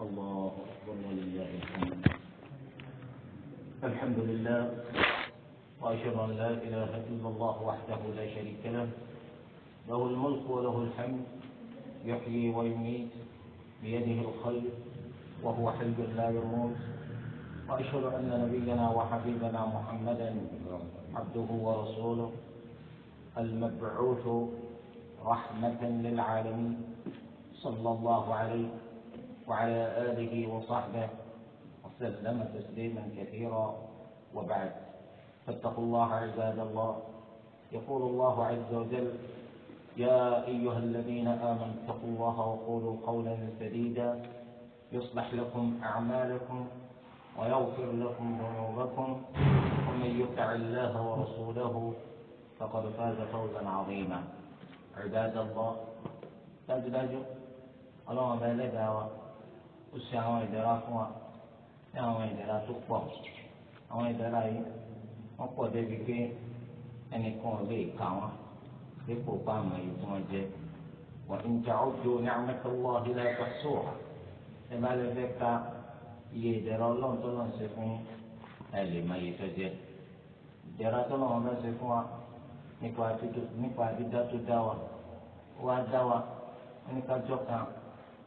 الله أكبر ولله الحمد الحمد لله وأشهد أن لا إله إلا الله وحده لا شريك له له الملك وله الحمد يحيي ويميت بيده الخير وهو حي لا يموت وأشهد أن نبينا وحبيبنا محمدا عبده ورسوله المبعوث رحمة للعالمين صلى الله عليه وعلى آله وصحبه وسلم تسليما كثيرا وبعد فاتقوا الله عباد الله يقول الله عز وجل يا أيها الذين آمنوا اتقوا الله وقولوا قولا سديدا يصلح لكم أعمالكم ويغفر لكم ذنوبكم ومن يطع الله ورسوله فقد فاز فوزا عظيما عباد الله dájúdájú الله ọba ما wa ó ṣe àwọn ìdára fún wa ní àwọn ìdára tó pọ̀ àwọn ìdára yìí wọ́n pọ̀ débi pé ẹnìkan ò lè kà wọ́n dípò bá àmọ́ èyí tí wọ́n jẹ́ wa in ta'uddu ni'matallahi la tuhsuha ẹ bá lè fẹ́ ka iye ìdára ọlọ́run tó lọ́n ṣe fún ẹ lè má iye tó jẹ́ ìdára tó lọ́n ṣe fún wa nípa dídá tó dá wa wá dá wa oníkájọ́ kan.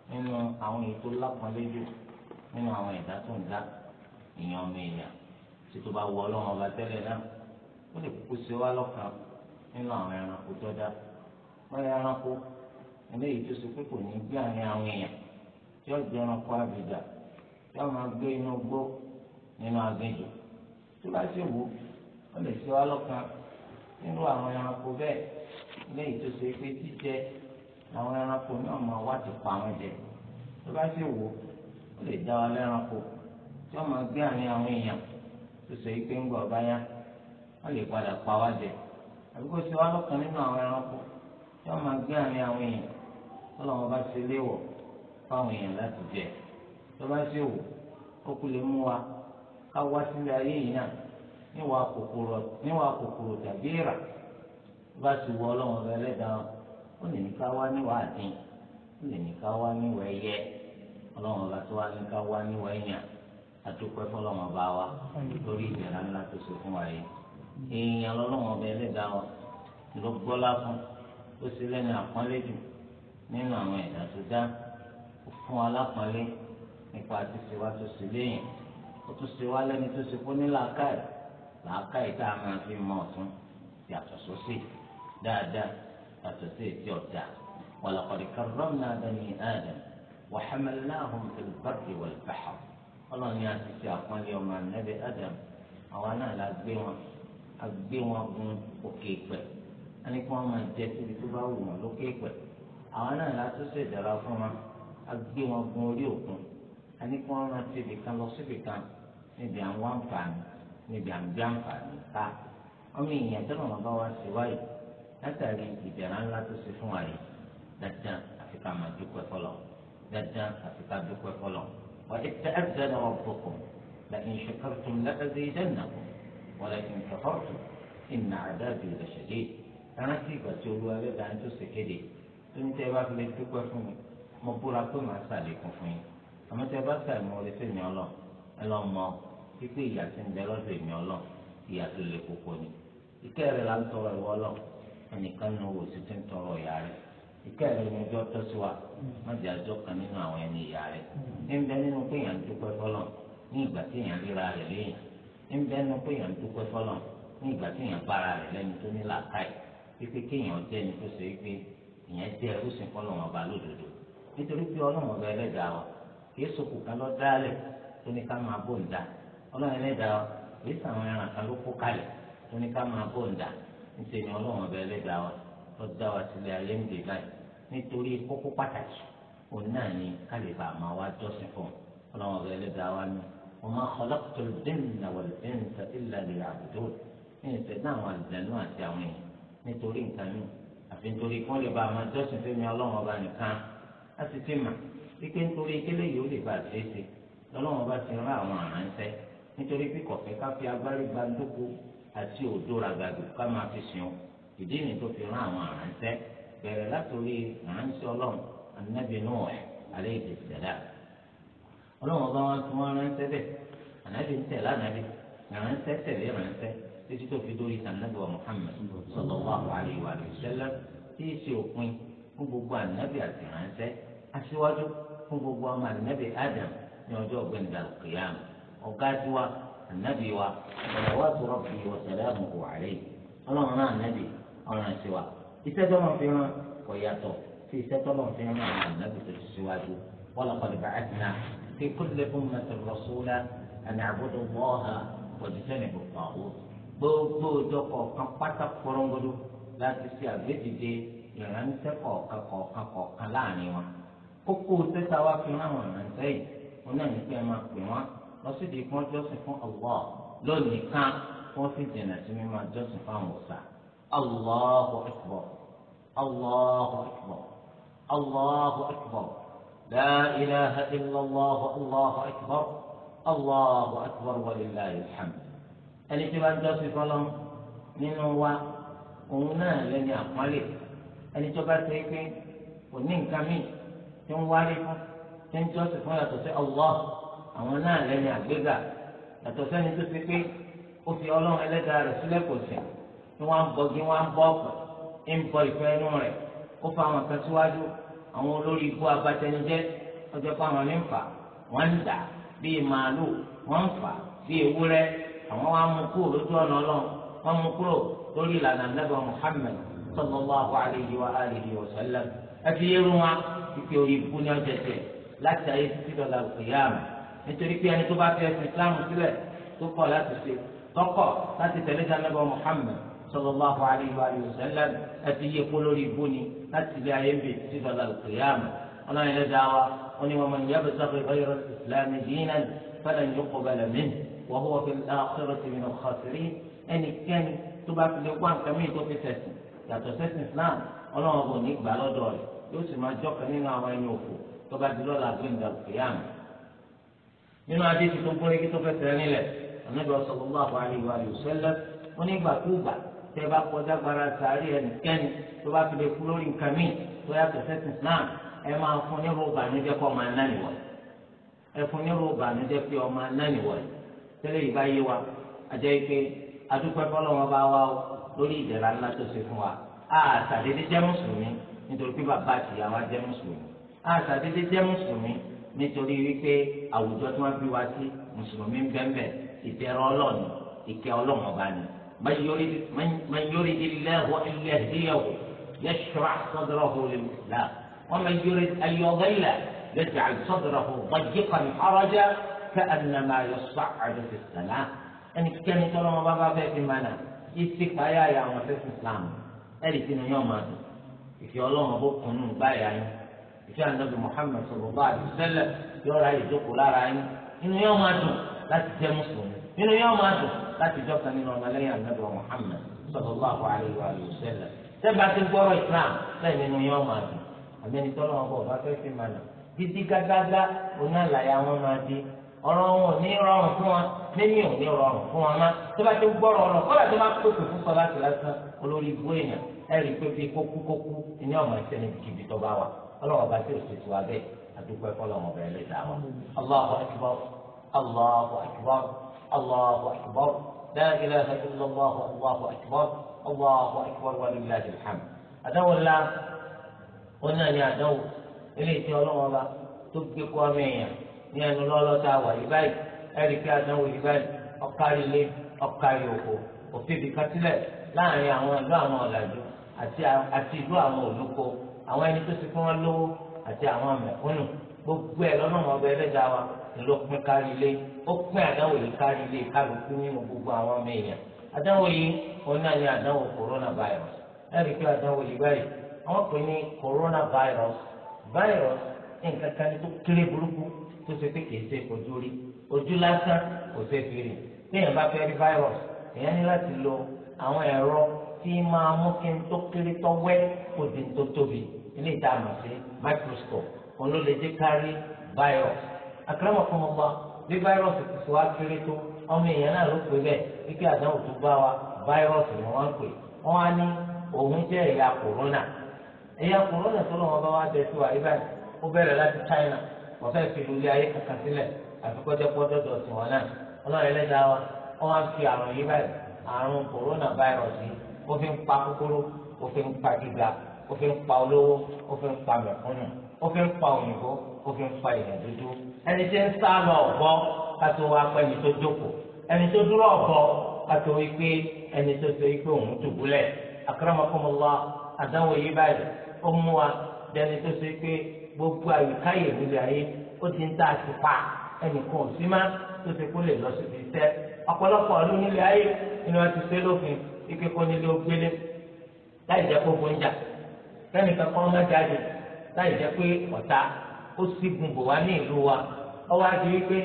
nínú àwọn ètò tó lápọnlé nínú àwọn ẹ̀dá tó ń dá ìyàn ọmọ èèyàn tí tó bá wọ ọlọ́run ọba tẹ́lẹ̀ náà ó lè kúkú sí wa lọ́kàn nínú àwọn ẹranko tó dá wọ́n yẹ ẹranko eléyìí tó ṣe pé kò ní gbé àárín àwọn èèyàn tí ó gbé ẹranko àbìdà tí ó máa gbé inú gbó nínú agbẹ́jọ tó bá ṣe wù ó lè sí wa lọ́kàn nínú àwọn ẹranko bẹ́ẹ̀ eléyìí tó ṣe pé jíjẹ àwọn ẹranko ní ọmọ wa ti pa àwọn jẹ tó bá sì wò ó lè dá wa lẹ́ranko tí wọ́n máa gbé àárín àwọn èèyàn tó sọ yìí pé ń gbọ́ ọba yá wọ́n lè padà pa wá jẹ àbí kó ṣe wá lọ́kàn nínú àwọn ẹranko tí wọ́n gbé àárín àwọn èèyàn tó lọ́wọ́ bá ṣe léwọ̀ fáwọn èèyàn láti ó lè ní ká wá níwá àdín ó lè ní ká wá níwá ẹyẹ ọlọ́run ọba tó wá ní ká wá níwá ẹ̀yàn àdúpẹ́ fọlọ́run ọba wa lórí ìbẹ̀rẹ̀ ńlá tó ṣe fún wa yìí èèyàn lọ́lọ́run ọba ẹlẹ́dàá wa ló gbọ́lá fún ó sì lẹ́nu àpọ́nlé jù nínú àwọn ẹ̀dá tó dá fún alápọ́nlé nípa àti ṣèwá tó ṣe léyìn ó tún ṣe wá lẹ́ni tó ṣe fún ní làákàyè tá a máa fi mọ ọ̀tún yàtọ̀ sósì dáadáa yàtọ̀ sí ètí ọ̀dà walaqad karramna bani adam wa hamalnahum fil barri wal bahr ọlọ́run ni a ti ṣe àpọ́nlé ọmọ ànábì adam àwa náà la gbé wọn a gbé wọn gun òkè pẹ̀ a ní kí wọ́n máa jẹ síbi tó bá wù wọ́n lókè pẹ̀ àwa náà la tó ṣe ìdára fún wọn a gbé wọn gun orí òkun a ní kí wọ́n máa ti ibìkan lọ síbi kan níbi àwọn àǹfààní níbi àǹfààní ká ọmọ èèyàn tó lọ́wọ́ bá wá sí wáyé látàrí ìdẹ̀ra ńlá tó ṣe fún wa yìí dandan àfi ká máa dúpẹ́ fọlọ́ dandan àfi ká dúpẹ́ fọlọ́ wà á tẹ ẹ̀dá náà rabbukum la in shakartum la azidannakum wa la in kafartum inna adabi la rántí ìgbà tí olúwa lè dáa tó ṣe kéde tó ní tẹ́ bá fi lè dúpẹ́ fún mi mo búra pé màá ṣàlékún fún yín àmọ́ tẹ́ ẹ lọ́ mọ pípé ẹnìkan nù wò sí ti ń tọrọ ìyá rẹ̀ ìkẹyìn ní ọjọ́ tó sí wa mọ̀jẹ̀ mm. àjọ kan nínú àwọn ẹni ìyá rẹ̀ mm. ń bẹ nínú pé èèyàn dúpẹ́ fọlọ́ ní ìgbà tí èèyàn ríra rẹ̀ léèyàn ń bẹ nínú pé èèyàn dúpẹ́ fọlọ́ ní ìgbà tí èèyàn bára rẹ̀ lẹ́ni tó ní làákàyè pípé kéèyàn jẹ́ ẹni tó ṣe pé èèyàn jẹ́ ẹrúsìn fọlọ́ wọn bá lódodo nítorí pé ọlọ́run ọba ẹlẹ́dàá wa kìí sọkù kan lọ dálẹ̀ tó ní ká máa bò ń dá ọlọ́run ẹlẹ́dàá wa kìí sàwọn ẹran kan ló kó kalẹ̀ tó ní ká máa bò ń dá níṣẹ́ ni ọlọ́run ọbẹ̀ ẹlẹ́dàá wa tó dá wa sílẹ̀ ayé ń dè báyìí nítorí kókó pàtàkì òun náà ni kálífà máa wá jọ́sìn fún ọlọ́run ọbẹ̀ ẹlẹ́dàá wa ni wọ́n máa khalaqtu al-jinna wal-insa illa liya'budun ní ìṣẹ̀ náà àwọn àlùjànnú àti àwọn èèyàn nítorí nǹkan mi àfi nítorí kí wọ́n lè bá máa jọ́sìn fún mi ọlọ́run ọba nìkan á sì ti mà wípé nítorí kílẹ̀ yìí ó lè bá àṣeyṣe ọlọ́run ọba ti rán àwọn àránṣẹ́ nítorí pé kọ̀fẹ́ ká fi agbárí gbandóko àti òdo ràgàdù ká máa fi sìn ọ́ ìdí ni tó fi rán àwọn àránṣẹ́ bẹ̀rẹ̀ látòrí àránṣẹ́ ọlọ́run anábì Nuh alayhi salam ọlọ́run ọba wa tún ránṣẹ́ bẹ̀ ànábì ń tẹ̀lé ànábì ránṣẹ́ tẹ̀lé ránṣẹ́ títí tó fi dórí ànábì wa Muhammad sallallahu alayhi wa sallam tí í ṣe òpin fún gbogbo ànábì àti ránṣẹ́ aṣíwájú fún gbogbo ọmọ ànábì Adam ní ọjọ́ ọ̀gbẹ́ni dàlùkìyàmù ọ̀gá tiwa ànábì wa ọ̀làwà tó rọ̀bì wọ̀sẹ̀láàmù wà rẹ̀ ọlọ́run náà ànábì ọ̀ràn sí wa iṣẹ́ tó máa fi ràn kò yàtọ̀ sí iṣẹ́ tó máa fi ràn àwọn ànábì tó ti síwájú wọ́lọ́kọ̀lẹ̀ bàtìnà fi kúlẹ̀ fún mẹsàlọ́sọ́lá ànàbọ̀dọ̀ wọ́ọ̀hà pọ̀jùsẹ́nì gbogbo gbogbo ọjọ́ kọ̀ọ̀kan pátá kọ́rọ́ngọ́dọ́ láti ṣe àgbédìde ìránṣẹ́ kọ̀ọ̀kan kọ̀ọ̀kan kọ̀ọ̀kan láàrin wọn kókó sẹ́ta wá fi ràn àwọn ìránṣẹ́ yìí wọn náà ní pé ẹ máa pè wọ́n wọ́n sì di kí wọ́n jọ́sìn fún Allah lónìí kan wọ́n sì dènà sí mímọ́ jọ́sìn fún àwọn ọ̀sà Allahu akbar Allahu akbar Allahu akbar la ilaha illallah Allahu akbar Allahu akbar wa lillahi alhamd ẹni tí wọ́n jọ́sìn fọlọ́ nínú wa òun náà lẹ́ni àpọ́nlé ẹni tó bá ṣe é pé kò ní nǹkan míì tí ń wáyé fún tí ń jọ́sìn fún yàtọ̀ sí Allah àwọn náà lẹ́ni àgbéga yàtọ̀ sẹ́ni tó ti pé ó fi ọlọ́run ẹlẹ́dàá rẹ̀ sílẹ̀ kò sìn ni wọ́n á bọ́ gí wọ́n á bọ́ ọ̀pẹ̀ ń bọ ìfẹ́ inú rẹ̀ ó fa àwọn kan síwájú àwọn olórí ibú abatẹnijẹ́ ọjọ́ pé àwọn ní ń fà wọ́n ń dà bíi màálù wọ́n ń fà bíi ewúrẹ́ àwọn wa mú kúrò lójú ọ̀nà ọlọ́run wọ́n mú kúrò lórí ìlànà nẹ́bà Muhammad sallallahu alayhi wa alihi wa sallam ẹ fi yé ru wọn ìpè òyìnbó ní ọjọ́ tẹ̀ láti ayé títí dọ̀là òkè yára nítorí pé ẹni tó bá fi ẹsìn islam sílẹ̀ tó kọ̀ láti ṣe tọkọ̀ láti tẹ̀lé sanabọ̀ muhammed sallallahu alayhi wa sallam àti iye kó lórí ibú ni láti ilé ayé ń bè títí dọ̀là òkèèyàmù ọlọ́run ilé dáwà ó ní wa man yabtaghi ghayra al-islami dinan falan yuqbala minhu wa huwa fil akhirati min al-khasirin ẹnikẹ́ni tó bá fi lè wá nǹkan mìíràn tó fi tẹ̀sìn yàtọ̀ sẹ́sìn islam ọlọ́run kò ní gbà lọ́dọ̀ rẹ̀ yóò sì máa jọ́kàn nínú àwọn ẹni òfò tó bá di lọ́la gbẹ̀ngàn òkèèyàmù nínú adé ti tó gbóríkí tó fẹsẹ̀ nílẹ̀ Ànábì sallallahu alaihi wa sallam onígbàkúgbà tẹ́ bá kọjá gbára sàárì ẹnikẹ́ni tó bá fi lè kú lórí nǹkan míì tó yàtọ̀ sẹ́sìn náà ẹ máa fún ní ròbà níjẹ́ kó ọmọ anáníwọ̀ ẹ fún ní ròbà níjẹ́ pé ọmọ anáníwọ̀ tẹ́lẹ̀ yìí bá yé wa àjẹ́ ike adúpẹ́ fọlọ́wọ́n bá wá o lórí ìdẹ̀ra ńlá nítorí wípé àwùjọ tí wọ́n fi wa sí mùsùlùmí ń bẹ́ẹ̀ ìbẹ̀rẹ̀ ọlọ́ọ̀ni ìkẹ́ ọlọ́ọ̀n ọba ni man yuridillahu an yahdiyahu yashrah sadrahu lil-islam wa man yurid an yudilla yaj'al sadrahu dayyqan harajan ka'annama yas'adu fis-sama' ẹnikẹ́ni tọ́lọ́mọ bá bá fẹ́ fi mánà fẹ́ ẹ̀rì yọ̀ọ́ máa dùn bó báyà yín ìfẹ anabi muhammed sallallahu alaihi wasallam yóò ra ìjókòó lára yín inú yóò máa dùn láti jẹ mùsùlùmí inú yóò máa dùn láti jọka nínú ọmọlẹ́yìn anabi muhammed sallallahu alaihi wasallam sẹba ti gbọ́rọ̀ islam bẹ́ẹ̀ nínú yóò máa dùn àmẹni tọ́lọ́ wọn bọ̀ bá fẹ́ fi máa nà dídí gágágá oní àlàyé wọn máa di ọ̀rọ̀ wọn ò ní rọrùn fún wọn mímí ò ní rọrùn fún wọn má tó bá ti gbọ́rọ̀ ọ̀rọ̀ kọ́lá tó bá pèsè fún sọlá tìlásán olórí ìbú èèyàn ẹ̀rí pé fi kókú kókú ní ọmọ ìsẹ́ni jìbìtọ́ bá wà ọlọ́wọ́ bá ti ṣètò abẹ́ àdúgbò ẹ̀kọ́ lọ́wọ́ bẹ̀rẹ̀ lè dà wọ́n. Allahu akbar Allahu akbar Allahu akbar la ilaha illallah Allahu akbar Allahu akbar wa lillahi alhamd. àdáwò ńlá wọn náà ní àdáwò ilé ìtì ọlọ́wọ́ bá tó gbé kọ́ mẹ́yàn ní ẹnu lọ́lọ́ta wà yí báyìí ẹ̀rí pé àdáwò yí àwọn ẹni tó ti fún wọn lówó àti àwọn mẹ̀kúnnù gbogbo ẹ̀ lọ́nà ọ̀bẹ ẹlẹ́dàá wa ló pín kárí ilé ó pín àdánwò yìí kárí ilé kálukú nínú gbogbo àwọn ọmọ èèyàn àdánwò yìí òun náà ní àdánwò corona virus ẹ̀rí pé àdánwò yìí báyìí wọ́n pè ní corona virus virus nǹkan kan tó kéré burúkú tó ṣe pé kìí ṣe ojú rí ojú lásán kò ṣe fi rìn téèyàn bá fẹ́ rí virus èèyàn ní láti lo àwọn ẹ̀rọ tí máa mú kí n tó kéré tó wẹ́ kó di tó tóbi ilé ìdáàmú sí microscope olólejé kárí virus akérèmọkànmọgbà bí virus ti sọ akéré tó ọmọ èèyàn náà ló pè bẹ́ẹ̀ wípé àdáwò tó bá wa virus ni wọ́n ń pè wọ́n á ní òun jẹ́ ẹ̀yà corona ẹ̀yà corona tó lọ́wọ́ bá wá dẹ̀ sí wa ibà ó bẹ̀rẹ̀ láti China wọ́n fẹ́ẹ́ fi lulẹ̀ ayé kankan sílẹ̀ àfikọ́jẹ́ pọ́dọ́dọ̀ sí wọn náà ọlọ́run ẹlẹ́dàá wa wọ́n á fi àrùn yìí báyìí àrùn corona virus yìí ó fi ń pa kúkúrú ó fi ń pa gíga ó fi ń pa olówó ó fi ń pa mẹ̀kúnnù ó fi ń pa òyìnbó ó fi ń pa èèyàn dúdú ẹni tí ń sá lọ ọ̀bọ kátó wá pé ẹni tó jókòó ẹni tó dúró ọ̀bọ kátó wí pé ẹni tó so wípé òun dùbúlẹ̀ akramakumullah àdáwọ̀ yìí báyìí ó mú wa dẹni tó so wípé gbogbo àyíká yẹ̀wù ayé ó ti ń tà sí pa ẹnìkan ò sí má tó ti kó lè lọ síbi iṣẹ́ ọ̀pọ̀lọpọ̀ ọdún nílé ayé ni wọ́n ti ṣe lófin ike kó nílé ó gbélé láì jẹ́ kó gbóúnjà kẹ́nìkan kan má jáde láì jẹ́ pé ọ̀tá ó sì gun bò wá ní ìlú wa ọwọ́ á di wípé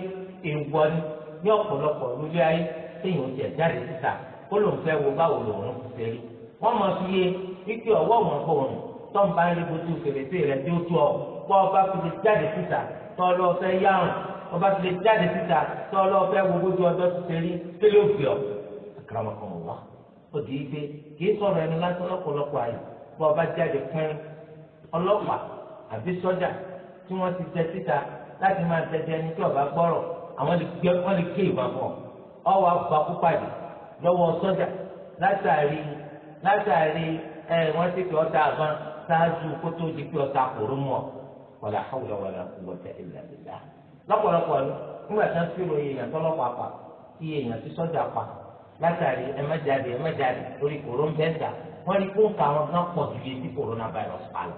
èèwọ̀ ni ní ọ̀pọ̀lọpọ̀ lórí ayé téèyàn ti ẹ̀jáde síta kó ló ń fẹ́ wo báwo lòun ti fẹ́ rí wọ́n mọ̀ sí yé wípé ọwọ́ wọn kò wọ̀n tó ń bá ń rí bojú fèrèsé rẹ̀ tí ó tó ọ bọ́ ọba fi lè jáde síta tó ọ lọ́ọ́ fẹ́ yárùn ọba fi lè jáde síta tó ọ lọ́ọ́ fẹ́ wo bójú ọjọ́ ti fẹ́ rí kí ló fi ọ. àkàràmọ̀kàn wà ó di ipe kì í sọ̀rọ̀ ẹni lásán lọ́pọ̀lọpọ̀ àyè bọ́ ọba jáde pín ọlọ́pàá àbí sọ́jà tí wọ́n ti jẹ síta láti máa tẹ̀tẹ̀ ẹni tí ọba gbọ́rọ̀ àwọn lè gbé wọ́n lè ké ìbọn fún ọ ọwọ́ àgbà púpàdé lọ́wọ́ sọ́jà látàrí látàrí ẹ wọ́n ti fi ọta àgbọn kó tó di pé ọta kòró mọ́ lọ́pọ̀lọpọ̀ nígbà tí wọ́n fi ròyìn èèyàn tọ́lọ́pàá pa iye èèyàn tí sọ́jà pa látàrí ẹ̀mẹ́jáde ẹ̀mẹ́jáde kòró ń bẹ́ẹ̀ wọ́n ní kó ń ka àwọn kan pọ̀ ju yìí tí coronavirus pa lọ.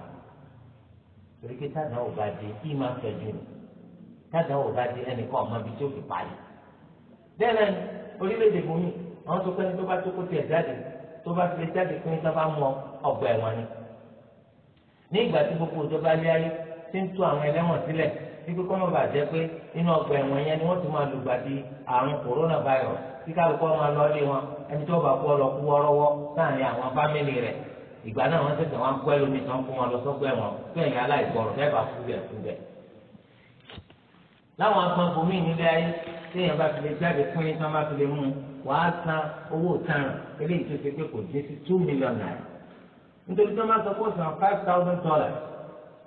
torí pé tádà ò bá di kí máa fẹ́ jù ní tádà ò bá di ẹnìkan ọmọ ibi tí ó fi parí. bẹ́ẹ̀ náà orílẹ̀-èdè bòmí àwọn tó pẹ́ni tó bá tó kó tiẹ̀ jáde tó bá fi jáde pé tó bá mọ ọgbà ẹ̀wọ̀n ni. ní ìgbà tí gbogbo ìjọba lé ayé ti ń tú àwọn ẹlẹ́wọ̀n sílẹ̀ bí pé kọ́mọ́ bàjẹ́ pé inú ọgbà ẹ̀wọ̀n yẹn ni wọ́n ti máa lùgbàdì àrùn coronavirus kí kálukú ọmọ lọ́ọ́lé wọn ẹni tó bá kú ọ lọ kú wọ́rọ́wọ́ láàrin àwọn fámìlì rẹ̀ ìgbà náà wọ́n tẹ̀sán wọn gbọ́ ẹlòmíì tán fún wọn lọ sọ́gbọ́ ẹ̀wọ̀n fún ẹ̀yìn aláìgbọ̀rọ̀ fẹ́ẹ́ bá fún bẹ́ẹ̀ fún bẹ́ẹ̀. láwọn agbọn bòmí nílé ayé téèyàn bá fi lè jáde fún yín tán bá fi lè mú un wàá san owó ìtanràn eléyìí tó ṣe pé kò dín sí two million naira nítorí tó máa sọ pé ó san five thousand dollars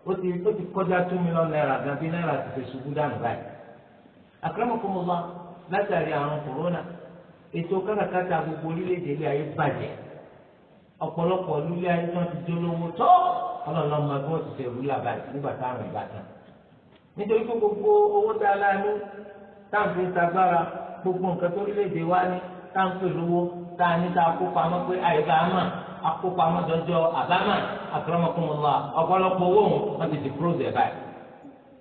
ó ti ó ti kọjá two million naira gan bí náírà ti fi ṣubú dànù báyìí. àkàràmọ̀kọ́mọ́ wa látàrí àrùn kòrónà ètò káràkátà gbogbo orílẹ̀-èdè ilé ayé bàjẹ́ ọ̀pọ̀lọpọ̀ lulẹ̀ ayé náà ti dolówó tọ́ ọlọ́lọ́ máa bí wọ́n ti ṣe rúlà báyìí nígbà táwọn ìbátan nítorí pé gbogbo owó tá a láàánú táǹfì ń sagbára gbogbo nǹkan tó orílẹ̀-èdè wa ní táǹfì lówó tá a ní tá a kó pamọ́ pé àyíká àmà akópamọ́ dọ́jọ́ àbámà àtọ́rọ́mọkùnmọ́lá ọ̀pọ̀lọpọ̀ owó wọn ti ti kúrò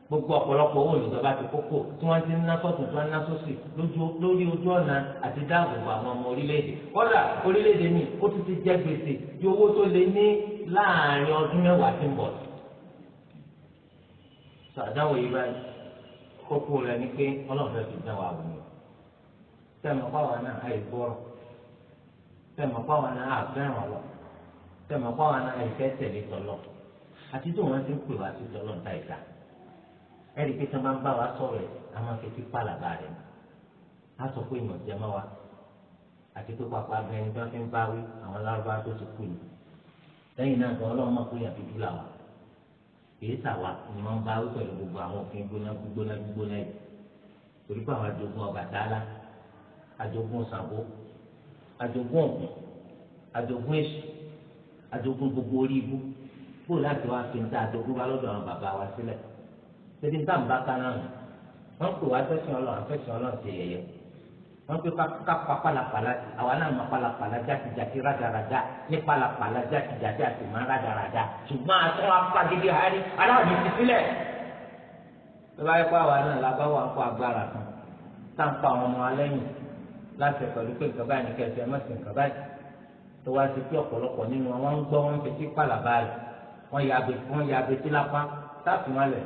gbogbo ọ̀pọ̀lọpọ̀ owó olùjọba ti kókó tí wọ́n ti ń ná sọ́tún tí wọ́n ń ná sósì lórí ojú ọ̀nà àti dáàbòbò àwọn ọmọ orílẹ̀-èdè kọ́dà orílẹ̀-èdè mi ó tún ti jẹ gbèsè bí owó tó lé ní láàrin ọdún mẹ́wàá tí ń bọ̀. sàdáwò yìí báyìí kókó rẹ̀ ni pé ọlọ́run ti dán wa wò ó tẹ̀mọ̀ pàwọn náà àìgbọ́rọ̀ tẹ̀mọ̀ pàwọn náà àfẹ́ràn lọ tẹ̀mọ̀ pàwọn náà àìfẹ́ tẹ̀lé tọ̀lọ̀ àti ẹ̀rí pé tí wọ́n bá ń bá wa sọ̀rọ̀ ẹ̀ a máa fi tipa làbà rẹ̀ á sọ pé ìmọ̀ jẹ́ mọ́ wa àti pé pàpà gan ẹni tó fi ń báwí àwọn lárúbá tó ti kú ni lẹ́yìn náà gan ọlọ́run mọ̀ pé yàn dúdú là wà èyí tà wà ni wọ́n ń báwí pẹ̀lú gbogbo àwọn òfin gbóná gbígbóná gbígbóná yìí torí pé àwọn àjogún Ọbàtálá àjogún Ṣàngó àjogún Ògún àjogún Èṣù àjogún gbogbo orí ibú kó láti wá fi ń ta àjogún bá lọ́dọ̀ àwọn bàbá wa sílẹ̀ ṣèbí ń dáàbò bá kaná nù wọ́n pè wá sẹ́sìn ọlọ́run sẹ́sìn ọlọ́run ṣe yẹ̀yẹ́ wọ́n pè ká pa pàlàpàlà àwa náà máa pàlàpàlà jákèjádé rádaràdá ní pàlàpàlà jákèjádé àti máa rádaràdá ṣùgbọ́n aṣọ apagídí harí aláàbí ti sílẹ̀ tó bá yẹ pé àwa náà lábá wà ń kó agbára kan tá ń pa àwọn ọmọ alẹ́yìn láti pẹ̀lú pé nǹkan báyìí ní kẹsì ẹ má sì nǹkan báyìí tó wá sí pé ọ̀pọ̀lọpọ̀ nínú wọn wọ́n ń gbọ́ wọn fi sí pàlàbà rẹ̀ wọ́n ya abẹ fún ya abẹ sí lápá táàfin wọn lẹ̀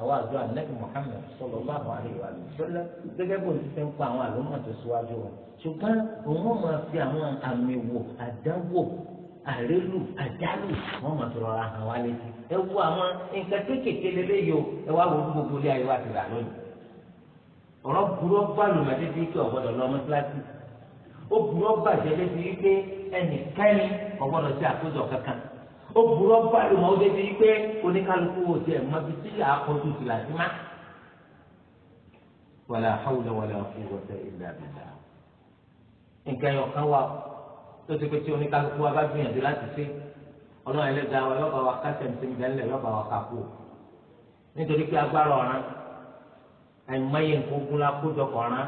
àwọn àjọ anabi muhammed sallallahu alaihi wa sallam gẹ́gẹ́ bó ti fi ń pa àwọn àlùmọ̀ tó síwájú wọn ṣùgbọ́n òun máa fi àwọn àmì wò àdánwò àrélù àjálù wọn máa fi rọra hàn wá létí ẹ wo àwọn nǹkan kéékèèké lélẹ́yìí o ẹ wá wo gbogbo ilé ayé wa ti rà lónìí ọ̀rọ̀ burú ọgbà lòmọ̀ títí kí ọ̀gbọ́dọ̀ lọ ọmọ kíláàsì ó burú ọgbà jẹ́ lé ó burú ọba ìlú mọ́ débi pé oníkálukú wò tiẹ̀ mọ́ bí tí yàrá kọjú ti làtí má. wàlà hawla wàlà quwwata illa billah. nǹkan ẹ̀yọ̀ kan wà tó ti pé tí oníkálukú wa bá gbìyànjú láti ṣe ọlọ́run ẹlẹ́dàá wa yọ̀bà wa ká tẹ̀mí tẹ̀mí bẹ́ẹ̀ lẹ̀ yọ̀bà wa ká kú. nítorí pé agbára ọ̀ràn àìmọye nǹkan ogun kọ̀ọ̀ràn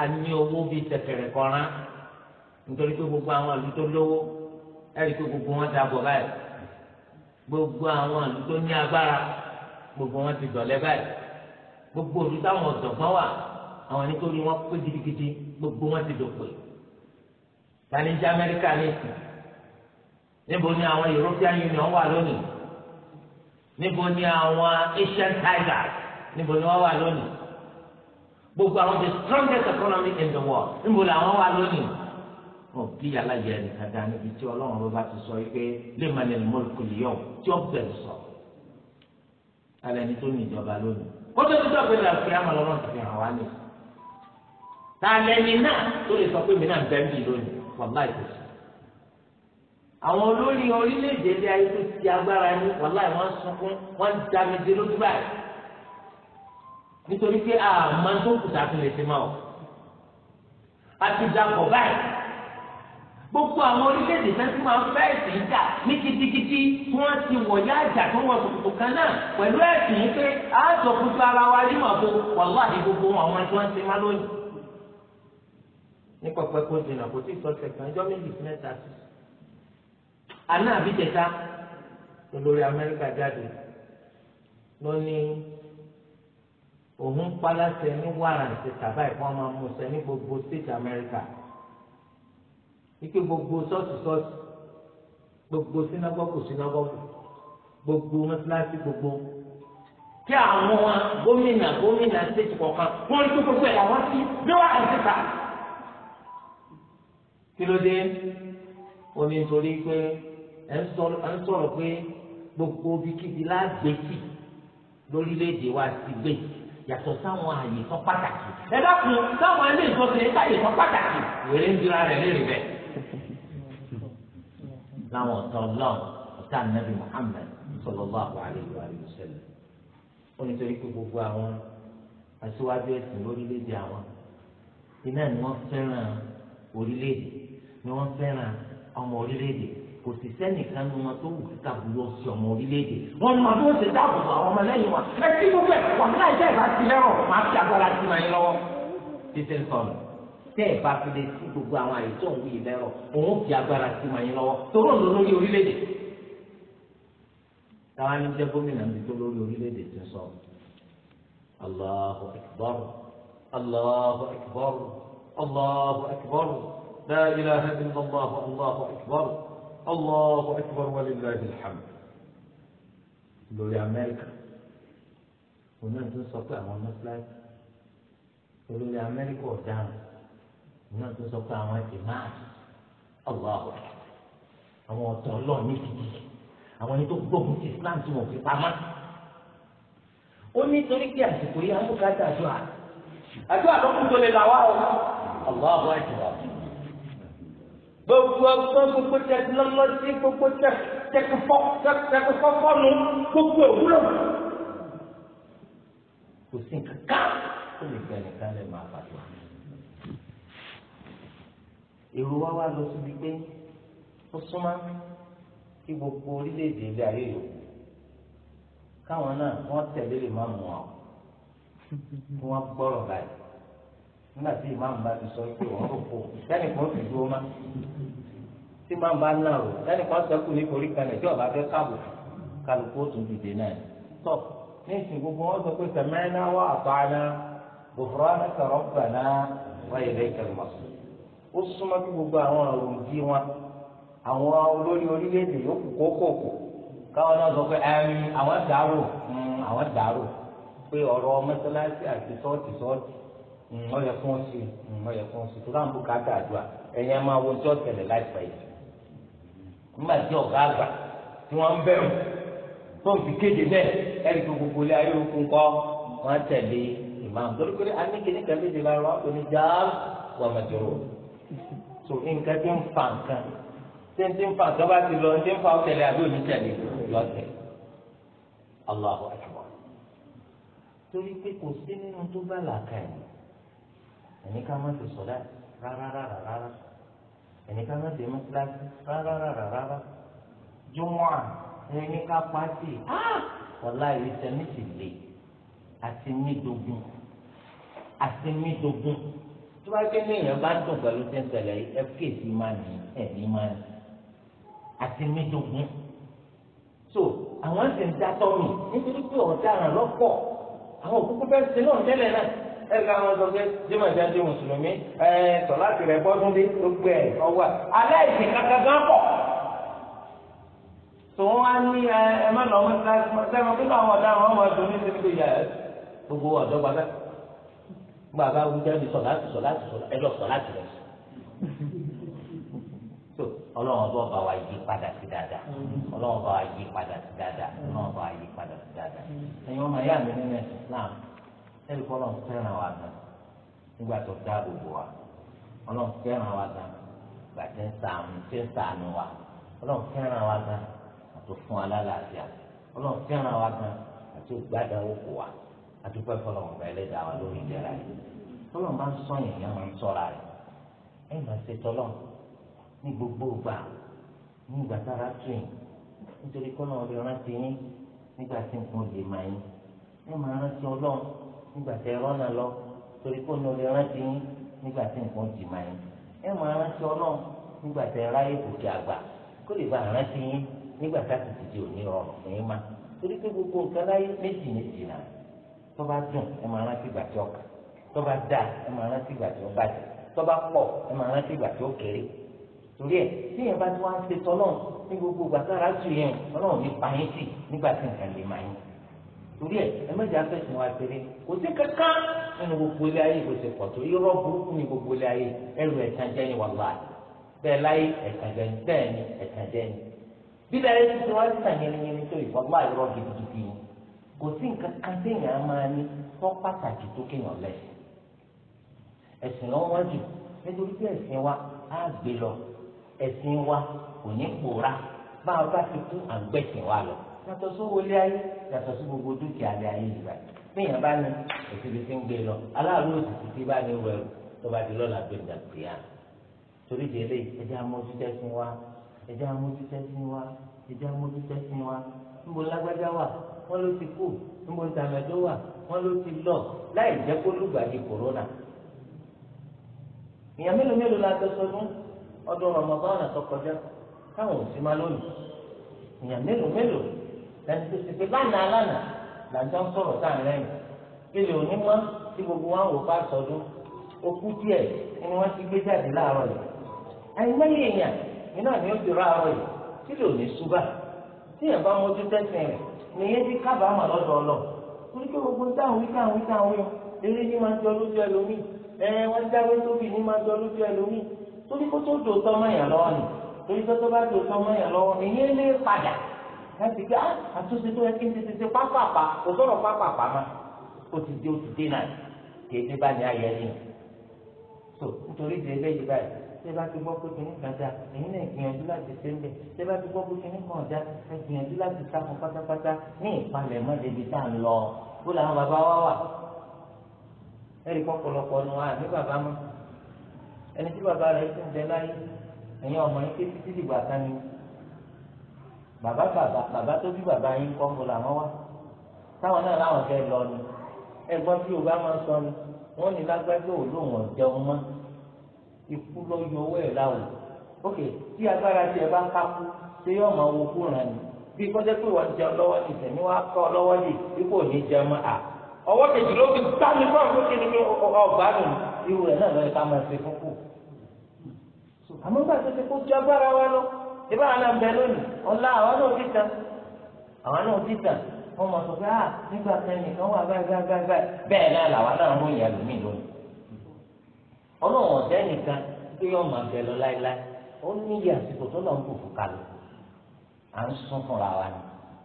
a ní owó bíi tẹ̀tẹ̀rẹ̀ kọ̀ọ̀ràn nítorí pé gbogbo àwọn àlùtò lówó ẹ̀rí pé gbogbo wọn dàbọ̀ báyìí gbogbo àwọn àlù tó ní agbára gbogbo wọn ti dọ̀lẹ́ báyìí gbogbo òdu táwọn ọ̀dọ̀gbọ́n wà àwọn nítorí wọn pé gidigidi gbogbo wọn ti dòpè tani jẹ́ Amẹ́ríkà ní ìsìn níbo ni àwọn European Union wà lónìí níbo ni àwọn Asian Tigers níbo ni wọ́n wà lónìí gbogbo àwọn the strongest economy in the world níbo làwọn wà lónìí wọn kí alájà nìkan dá níbi tí ọlọ́run bá bá ti sọ wípé lèmọ̀nì mọ́lùkù yọ̀ tí ó bẹ̀rù sọ alẹ́ ní tó ní ìjọba lónìí ó tó ti sọ pé làkè àmọ́ lọ́rùn ti fi hàn wá ní. tàlẹ́ni náà tó lè sọ pé mi náà bẹ́ẹ̀ mi lónìí wàlá ìbùsùn àwọn olórí orílẹ̀-èdè ilé ayé tó ti agbára ní wàlá ìwọ̀n sunkún wọ́n ń dami di lójú báyìí nítorí pé àmọ́ tó kùtà fi lè ti mọ́ ọ àti dàpọ̀ báyìí. gbogbo àwọn orílẹ̀-èdè fẹ́ tí wọ́n fẹ́ ẹ̀sìn jà ní kitikiti tí wọ́n ti wọ̀nyá àjà tó wọ̀ kòkòrò kan náà pẹ̀lú ẹ̀sìn pé àásọ kútu ara wa gbogbo àwọn tí wọ́n ti má lónìí. ní pọpẹ kó dènà kó tí ìtọ́sẹ̀ kan ẹjọ́ méjì fún ẹ̀ta sí. jáde ló ní òun pálásẹ ní ìfọ́nmọ́ ike gbogbo ṣọ́ọ̀ṣì ṣọ́ọ̀ṣì gbogbo sinagogu sinagogu gbogbo mọ́sálásí gbogbo kí àwọn gómìnà gómìnà ṣèjì kọ̀ọ̀kan wọ́n tó gbogbo ẹ̀ làwọn sí bí wọ́n àti ta. kí ló dé ó ní nítorí pé ẹ̀ ń sọ̀rọ̀ pé gbogbo bíkíbi lágbèsì lórílẹ̀‐èdè wa ti gbé yàtọ̀ sáwọn àyè kan pàtàkì ẹ dákun sáwọn ilé ìjọsìn ẹ̀ka àyè kan pàtàkì wèrè ń dira rẹ̀ lérè bẹ́ẹ̀ láwọn ọ̀tá ọlọ́run ọ̀tá nàbì Muhammad sallallahu alaihi wa sallam ó ní torí pé gbogbo àwọn aṣíwájú ẹ̀sìn lórílẹ̀‐èdè àwọn iná ni wọ́n fẹ́ràn orílẹ̀‐èdè ni wọ́n fẹ́ràn ọmọ orílẹ̀‐èdè kò sì sẹ́nìkan nu wọn tó wù kíkà búlọ̀ sí ọmọ orílẹ̀-èdè wọn mọ bí wọ́n ti dáàbò bò àwọn ọmọlẹ́yìn wọn ẹ kí gbogbo ẹ̀ wọ́n láì tẹ́ ẹ̀ bá fi lè sí gbogbo àwọn àyè tó ń wí lẹ́rọ òun fi agbára sí ma yín lọ́wọ́ toró ló lórí orílẹ̀-èdè táwa ní jẹ́ gómìnà ní tó orílẹèdè orílẹ̀-èdè tó sọ Allahu akbar Allahu akbar Allahu akbar la ilaha illallah Allahu akbar Allahu lórí Amẹ́ríkà òun náà tún sọ pé àwọn mọ́tíláì olórí Amẹ́ríkà ọ̀daràn. náà tó sọ pé àwọn ẹtì máa ọgbà ọgbà àwọn ọ̀tọ̀ ọlọ́ọ̀ ní gidi àwọn ẹni tó gbógun ti Islam tí wọ́n fi pamọ́ ó ní torí pé àsìkò yìí amúkàtà àdúrà àdúrà lọ́kùn tó lè là wá o ọgbà ọgbà ìjọba gbogbo ọgbọ́n gbogbo tẹkinọ́lọ́sì gbogbo tẹkifọ́fọ́nù gbogbo òwúrò kò sí nǹkan ká ó lè gbẹ nìkan lè máa pàdé èrò wa wá lọ síbi pé ó súnmọ́ kí gbogbo orílẹ̀-èdè ilé ayé yòókù káwọn náà wọ́n tẹ̀lé lè má mú wọn kí wọ́n gbọ́rọ̀ báyìí ti sọ pé wọ́n rò kó lẹ́nu kan ti dúró má tí ìmáàmù bá náà rò lẹ́nu kan sẹ́kù ní orí kan ẹ̀jọ́ bá fẹ́ káàbò kálukú ó tún dìde náà tọ́ ní ìsìn gbogbo wọn sọ pé wa ata'na ghufranaka rabbana ó súnmọ́ kí gbogbo àwọn àròjì wọn àwọn olórí orílẹ̀-èdè yóò kú kókòkò káwọn náà sọ pé àwọn dàrú hmm, àwọn dàrú pé ọ̀rọ̀ mọ́sálásí àti sọ́ọ̀tì sọ́ọ̀tì hmm, ọ̀yẹ̀ fún sí hmm, ọ̀yẹ̀ fún sí tó láǹbù ká dàdúrà ẹ̀yin ẹ̀ máa wo tí ó láìpẹ́ yìí nígbà tí ọ̀gá àgbà tí wọ́n ń bẹ̀rù tó ń fi kéde bẹ́ẹ̀ ẹ̀rí tó gbogbo ilé ayé òkun kọ́ wọ́n tẹ̀lé so nǹkan tí ń fa nǹkan tí ń ti ń fa nǹkan bá ti lọ ti ń fa ọ̀tẹ̀lẹ̀ àbí onítẹ̀lẹ̀ lọ́tẹ̀ Allahu akbar torí pé kò sí nínú tó bá làákà yìí ẹni ká má ti sọ̀dá rárá rárá rárá ẹni ká má ti mọ́síláṣí rárá rárá rárá jùmọ̀ ẹni ká pàṣẹ ọ̀la ìrìsẹ̀ sì lè àti mí dogun àti mí dogun tó bá gbé léèyàn bá dùn pẹ̀lú tí ń ṣẹlẹ̀ ẹ kéèsì máa ní ẹ̀mí máa ní àti méjogún so àwọn sì ń dátọ́ mi nítorí pé ọ̀daràn lọ́pọ̀ àwọn òkúkú fẹ́ ṣe náà tẹ́lẹ̀ náà ẹ ká wọn sọ pé jẹ́mọ̀jáde mùsùlùmí ẹ tọ̀ láti rẹ̀ bọ́dún dé ló gbé ẹ̀ ọwọ́ aláìsí kankan gan pọ̀ tó wọn á ní ẹ má lọ mọ́ sẹ́wọ̀n kí ló àwọn ọ̀daràn wọn máa dùn ní síbi ìyá gbogbo ọ̀dọ́ gbàgbà gbọ́ àbá wíjọ́ ní sọ̀láàtì sọ̀láàtì ẹ lọ sọ̀láàtì rẹ̀ so ọlọ́run bọ́ bá wa yí padà sí dáadáa ọlọ́run bá wa yí padà sí dáadáa ọlọ́run bá wa yí padà sí dáadáa ẹ̀yin ọmọ ẹ̀yà mi nínú ẹ̀sìn Islam ẹ̀rí kọ́ ọlọ́run fẹ́ràn wa gan nígbà tó dáàbò bò wa ọlọ́run fẹ́ràn wa gan gbà tí ń sàánú tí ń sàánú wa ọlọ́run fẹ́ràn wa gan àti fún alálàáfíà ọlọ́run fẹ́ràn wa gan àti gbádàá òkú wa àdúpẹ́ fọlọ́wọ́n bá ẹlẹ́dàá wa lórí ìdẹ́ra yìí tọ́lọ́n bá ń sọ yẹn yẹn máa ń sọ́ra rẹ̀ ẹ máa ṣe tọ́lọ́n ní gbogbo ìgbà ní ìgbà tára tù yín nítorí kọ́ náà lè rántí yín nígbà tí nǹkan lè máa yín ẹ máa rántí ọlọ́run nígbà tẹ rọ́nà lọ torí kọ́ náà lè rántí yín nígbà tí nǹkan ti máa yín ẹ máa rántí ọlọ́run nígbà tẹ ráyè gòkè àgbà kó lè bá rántí yín nígbà tá a ti ti di òní rọrùn fún yín torí pé gbogbo nǹkan láyé méjì méjì náà tó bá dùn ẹ máa rántí ìgbà tí ọkà tó bá dà ẹ máa rántí ìgbà tí ó bàjẹ́ tó bá pọ̀ ẹ máa rántí ìgbà tí ó kéré torí ẹ tí yẹn bá tí wọ́n á ṣe tọ́lọ́ ní gbogbo ìgbà tára tù yẹn ọlọ́run ní pààyàn sí nígbà tí nǹkan lè máa yín torí ẹ ẹ méjì afẹ́sìn wa ṣeré kò sí kankan nínú gbogbo ilé ayé kò sì pọ̀ burúkú ní gbogbo ilé ayé ẹrù ẹ̀tàn jẹ́ ni wàhálà bẹ́ẹ̀ láyé ẹ̀tàn jẹ́ ni bẹ́ẹ̀ ni ẹ̀tàn jẹ́ ni bí láyé tuntun wá sí tàn kò sí nǹkan kan téèyàn máa ní wọ́n pàtàkì tó kéèyàn lẹ́sìn ẹ̀sìn lọ́wọ́ jù nítorí pé ẹ̀sìn wa á gbé lọ ẹ̀sìn wa kò ní pòórá bá a bá ti kú àgbẹ̀sìn wa lọ yàtọ̀ sí wọlé ayé yàtọ̀ sí gbogbo dúkìá lé ayé yìí báyìí téèyàn bá ní òsibí tí ń gbé lọ aláàlú òsìsì tí bá ní wẹrù tó bá di lọ́la gbé dàgbéyà torí délé ẹjẹ́ amójútẹ́ sí wa ẹjẹ́ amójútẹ́ sí wa ẹjẹ́ amójútẹ́ sí wa níbo lágbájá wà wọn ló ti kú níbo ní tàmẹ́dó wà wọn ló ti lọ láì jẹ́ kó lùgbàdì kòrónà. èèyàn mélòó la ọdún Ramadan tó kọjá táwọn ò sí máa lónìí. èèyàn mélòó mélòó lẹ́nu tó ti pé lánàá lánàá làjọ ń sọ̀rọ̀ tá à ń rẹ́yìn. ilé òní mọ́ tí gbogbo wò bá sọdún okú díẹ̀ ni wọ́n ti gbé nìyẹn ti kábàámà lọ́dọ̀ ọlọ torí pé gbogbo ń dáhùn wíkà àwọn wíkà àwọn yẹn eré ní máa ń jọ lójú ẹlòmíì ẹ wọn jáwé tóbi ní máa ń jọ lójú ẹlòmíì torí kó tó dò tọ́ mọ́yà lọ́wọ́ ni torí tó tó bá dò tọ́ mọ́yà lọ́wọ́ nìyẹn lé padà láti gbé ah, àtúnṣe tó yẹ kí n ti ti ti pápápá kò sọ̀rọ̀ pápápá má kò ti di oṣù dé náà kéde bá ní ayẹyẹ so nítorí ìdílé bẹ́ẹ̀ tẹ́ bá ti gbọ́ pé kìnnì kan dá ẹ̀yin náà gbìyànjú láti ṣe ń bẹ̀ tẹ́ bá ti gbọ́ pé kìnnì kan dá ẹ gbìyànjú láti sá fún pátápátá ní ìpalẹ̀ mọ́ débi tá à ń lọ kó làwọn bàbá wa wà ẹ̀rí pọ̀pọ̀lọpọ̀ nu wa ní bàbá mọ́ ẹni tí bàbá rẹ̀ ti ń bẹ láyé ẹ̀yin ọmọ yín kéde títí ìgbà kan ni bàbá bàbá bàbá tó bí bàbá yín kọ́ mo làwọn wà táwọn náà láwọn fẹ́ lọ ni ẹ̀gbọ́n tí Yorùbá ikú lọ yọ owó ẹ̀ láwùn ok tí agbára tiẹ̀ bá kápú ṣé yóò máa wo kúràn ni bí kọ́jẹ́ pé wọ́n jẹun lọ́wọ́ ní ìsẹ̀mí wọn kọ́ lọ́wọ́ yìí ipò ní jẹun mọ́ à ọwọ́ kejì ló fi tá mi fún àkókò ní ọgbàdùn irú rẹ̀ náà lọ́yẹ̀ká máa ṣe fún kù àmọ́ gbà tó ti kó ju agbára wa lọ ibà àwọn àgbẹ lónìí ọ̀la àwọn náà ti tàn àwọn náà ti tàn wọ́n máa sọ pé à nígbà kan wà báyìí báyìí báyìí ọlọ́run ọ̀dẹ́ nìkan pé yọ máa bẹ̀ lọ láéláé ó ní iye àsìkò tó lọ́n kò fòkà lọ à ń sún fúnra wa ni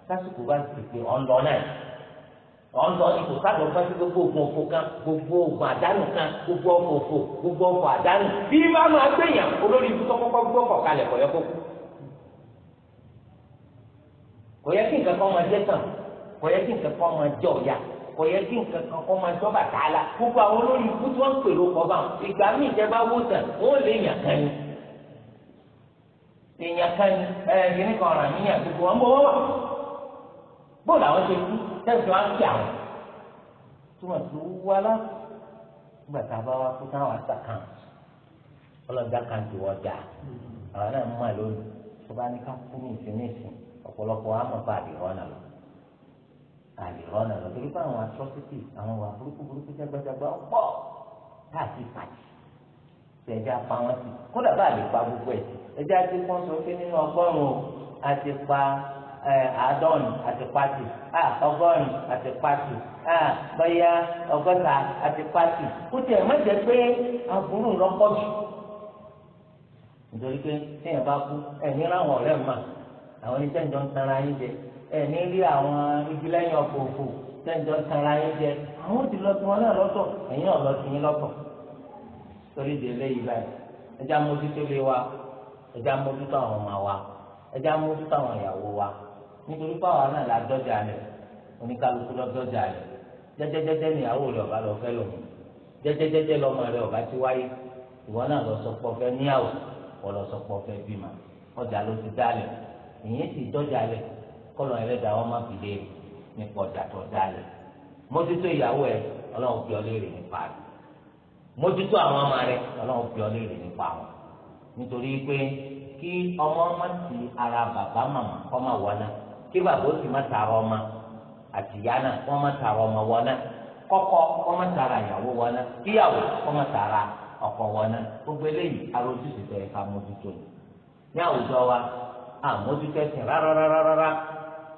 sásìkò bá ti pè ọ̀ ń lọ náà ọ̀ ń lọ ni kò sábà bá ti gbogbo oògùn òfò kan gbogbo oògùn àdánù kan gbogbo ọkọ̀ òfò gbogbo ọkọ̀ àdánù bí bá máa gbẹ̀yàn olórí ibùsọ kọ́kọ́ gbọ́ ọkọ̀ kalẹ̀ kọ̀yọ́ kó kò yẹ kí nǹkan kan máa jẹ́ tàn kò yẹ kí nǹkan kan máa jẹ́ ọ̀yà kò yẹ kí nǹkan kan kọ́ máa tọ́ bàtà la gbogbo àwọn olórí ikú tí wọ́n ń pèrò kọ́ bá wọn ìgbà míì jẹ́ bá wó tàn wọ́n lè yàn kan ni èèyàn kan ni ẹ̀ kìíní kan rà níyàn gbogbo wọn bọ́ wọ́wọ́ bóòlù àwọn ṣe kú tẹ̀sán á ń kí àwọn tó wọn tó wá lá nígbà tá a bá wá kó táwọn àtàkàn ọlọ́dà kan ti wọ́n jà àwọn náà ń mọ̀ lónìí tó bá ní ká kú ní ìsinmi ìsìn ọ̀pọ̀lọpọ̀ àmọ̀ bá àdìrọ́ náà lọ. àìrọ́ náà lọ torí pé àwọn atrocity àwọn wà burúkú burúkú jágbájágbá ọ̀pọ̀ káàkiri pàtì ṣẹ̀dá pa wọn sí kódà bá lè pa gbogbo ẹ̀ ẹ̀dá ti pọ́n sọ pé nínú ọgọ́rùn-ún àti pa àádọ́rin àti pàtì ọgọ́rin àti pàtì bẹ́yà ọgọ́ta àti pàtì kó tiẹ̀ má jẹ́ pé aburú lọ́pọ̀ jù nítorí pé bá kú ẹ̀ ní rí àwọn igi lẹ́yìn ọkọ̀ òfò tẹ́jọ́ sanra yín jẹ àwọn ò ti lọ sí wọn náà lọ́tọ̀ ẹ̀yìn ọ̀lọ́ sí yín lọ́tọ̀ torí ìdè lẹ́yìn báyìí ẹja mójútó lé wa ẹja mójútó àwọn ọmọ wa ẹja mójútó àwọn ìyàwó wa nítorí pàwọn náà la dọ́jà rẹ̀ oníkálukú lọ dọ́jà rẹ̀ jẹ́jẹ́jẹ́jẹ́ níyàwó rẹ̀ ọ̀bá lọ fẹ́ lòun jẹ́jẹ́jẹ́jẹ́ lọ́mọ rẹ̀ ọ̀bá ti wáyé ìwọ náà lọ sọ níyàwó ọ̀ lọ bímọ ọjà ló ti dálẹ̀ ìyẹn ti dọ́jà rẹ̀ kọ́lọ̀ ẹlẹ́dàá wọn má fi léèrè nípa ọ̀dàtọ̀ dálẹ̀ mójútó ìyàwó ẹ ọlọ́run fi ọ léèrè nípa rẹ̀ mójútó àwọn ọmọ rẹ ọlọ́run fi ọ léèrè nípa wọn nítorí pé kí ọmọ má ti ara bàbá màmá kọ́ má wọná kí bàbá ó sì má tara ọmọ àtìyá náà kọ́ má tara ọmọ wọná kọ́kọ́ kọ́ má tara ìyàwó wọná kíyàwó kọ́ má tara ọkọ wọná gbogbo eléyìí arójúṣe tẹ̀ ká mójútó ní àwùjọ wa àmójútó ẹ̀sìn rárá rárá